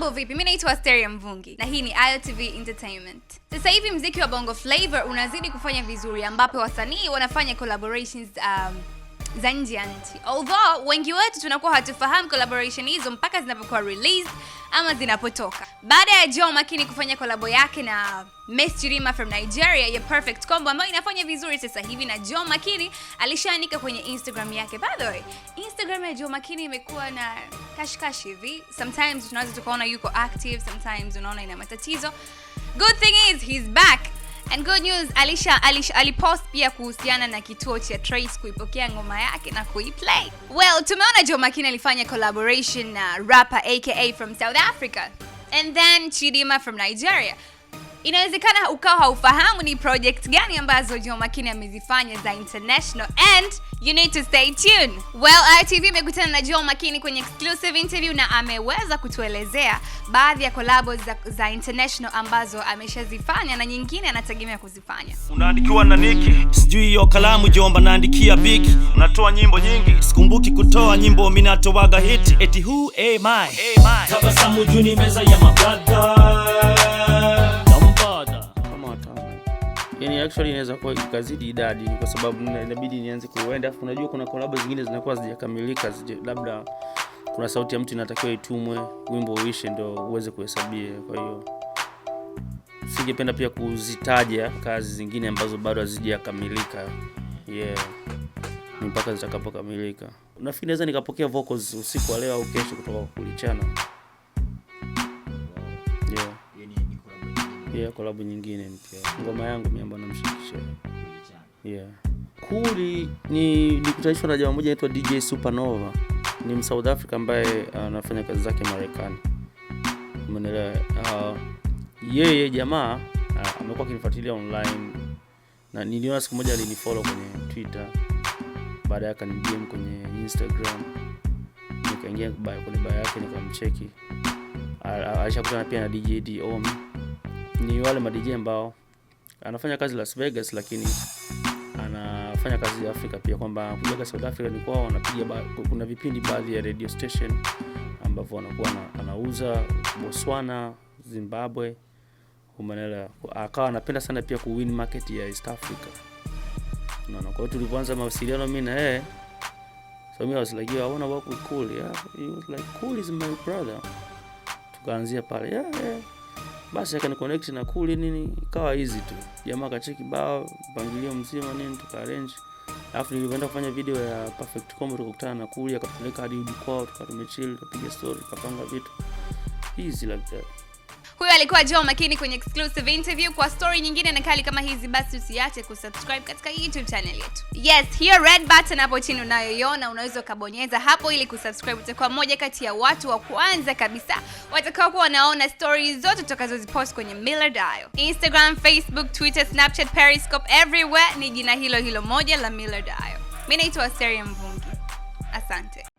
Mambo vipi? Mimi naitwa Asteria Mvungi na hii ni iotv Entertainment. Sasa hivi mziki wa Bongo flavor unazidi kufanya vizuri ambapo wasanii wanafanya collaborations um, za nje ya nchi, although wengi wetu tunakuwa hatufahamu collaboration hizo mpaka zinapokuwa released ama zinapotoka. Baada ya Joh Makini kufanya kolabo yake na Mess Jirima from Nigeria ya Perfect Combo ambayo inafanya vizuri sasa hivi, na Joh Makini alishaanika kwenye Instagram yake. By the way, Instagram ya Joh Makini imekuwa na kashkashi hivi, sometimes tunaweza tukaona yuko active, sometimes unaona ina matatizo. Good thing is he's back And good news Alisha, Alisha alipost pia kuhusiana na kituo cha Trace kuipokea ngoma yake na kuiplay. Well, tumeona Joh Makini alifanya collaboration na rapper aka from South Africa and then chidima from Nigeria. Inawezekana ukawa haufahamu ni project gani ambazo Juma Makini amezifanya za international and you need to stay tuned. Well, ITV imekutana na Juma Makini kwenye exclusive interview na ameweza kutuelezea baadhi ya collabo za, za international ambazo ameshazifanya na nyingine anategemea kuzifanya. Unaandikiwa na Niki, sijui hiyo kalamu jomba, naandikia biki. Unatoa nyimbo nyingi, sikumbuki kutoa nyimbo, mimi natoaga hiti eti who am I? Tabasamu juu ni meza ya mabrada actually inaweza kuwa ikazidi idadi, kwa sababu inabidi nianze kuenda, afu unajua kuna collab zingine zinakuwa zijakamilika labda kuna sauti ya mtu inatakiwa itumwe wimbo uishe ndio uweze kuhesabia. Kwa hiyo singependa pia kuzitaja kazi zingine ambazo bado hazijakamilika yeah, mpaka zitakapokamilika. Nafikiri naweza nikapokea vocals usiku wa leo au kesho kutoka kwa Kulichana. yeah, collab nyingine mpya, ngoma yangu mimi ambayo namshirikisha yeah. Kuli ni nikutaishwa na jamaa moja anaitwa DJ Supernova, ni Msouth Africa ambaye uh, anafanya uh, kazi zake Marekani, umeelewa uh, yeye jamaa uh, amekuwa akinifuatilia online na niliona siku moja alinifollow kwenye Twitter, baadaye DM kwenye Instagram, nikaingia kwenye bio yake nikamcheki, alishakutana pia na DJ Dom ni wale madj ambao anafanya kazi Las Vegas, lakini anafanya kazi Afrika pia, kwamba kujaga South Africa ni kwao, wanapiga kuna vipindi baadhi ya radio station ambavyo wanakuwa anauza Botswana, Zimbabwe, Humanela. Akawa anapenda sana pia kuwin market ya East Africa. naona kwao tulivyoanza mawasiliano mi na yeye So like, Cool, yeah. like, Cool Tukaanzia pale, yeah, yeah. Basi akani connect na kuli nini, ikawa hizi tu. Jamaa akacheki bao mpangilio mzima nini, tukarange Alafu nilipoenda kufanya video ya Perfect Combo tukakutana na kuli akapeleka hadi kwao, tukatumechill tukapiga story, tukapanga vitu easy like that. Huyo alikuwa Joh Makini kwenye exclusive interview. Kwa story nyingine na kali kama hizi, basi usiache kusubscribe katika YouTube channel yetu. Yes, hiyo red button hapo chini unayoiona unaweza ukabonyeza hapo ili kusubscribe. Utakuwa mmoja kati ya watu wa kwanza kabisa watakao kuwa wanaona stories zote tutakazozipost kwenye Millard Ayo. Instagram, Facebook, Twitter, Snapchat, Periscope, everywhere ni jina hilo hilo moja la Millard Ayo. Mimi naitwa Seria Mvungi. Asante.